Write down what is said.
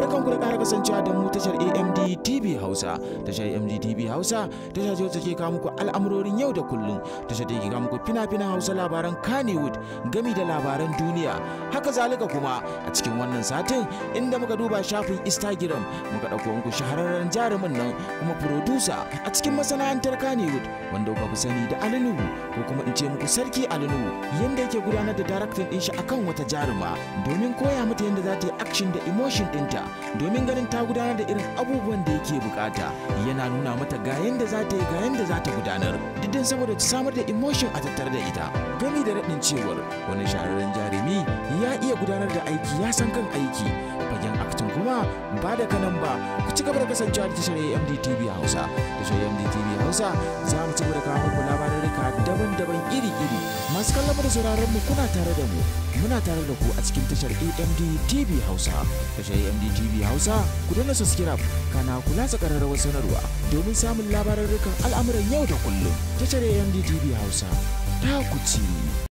barkan ku da ƙara kasancewa da mu tashar AMD TV Hausa tashar AMD TV Hausa tashar ce wacce ke kawo muku al'amurorin yau da kullum tashar da ke kawo muku fina-finan Hausa labaran Kannywood gami da labaran duniya haka zalika kuma a cikin wannan satin inda muka duba shafin Instagram muka ɗauko muku shahararren jarumin nan kuma producer a cikin masana'antar Kannywood wanda ba ku sani da Alinu ko kuma in ce muku Sarki Alinu yanda yake gudanar da directing din shi akan wata jaruma domin koya mata yadda za ta yi action da emotion ɗinta domin ganin ta gudanar da irin abubuwan da yake bukata yana nuna mata ga yadda za ta yi ga yadda za ta gudanar duk saboda ta samar da emotion a tattare da ita gami da raɗin cewar wani shahararren jarumi ya iya gudanar da aiki ya san kan aiki fagen aktin kuma ba da kanan ba ku ci gaba da kasancewa da tashar AMDTV Hausa tashar AMDTV Hausa za mu ci gaba da kawo muku daban-daban iri-iri masu kallon da sauraron mu kuna tare da mu muna tare da ku a cikin tashar AMD TV Hausa tashar AMD TV Hausa ku danna subscribe kana kula sa kararrawar sanarwa domin samun labarurrukan al'amuran yau da kullum tashar AMD TV Hausa ta ku ci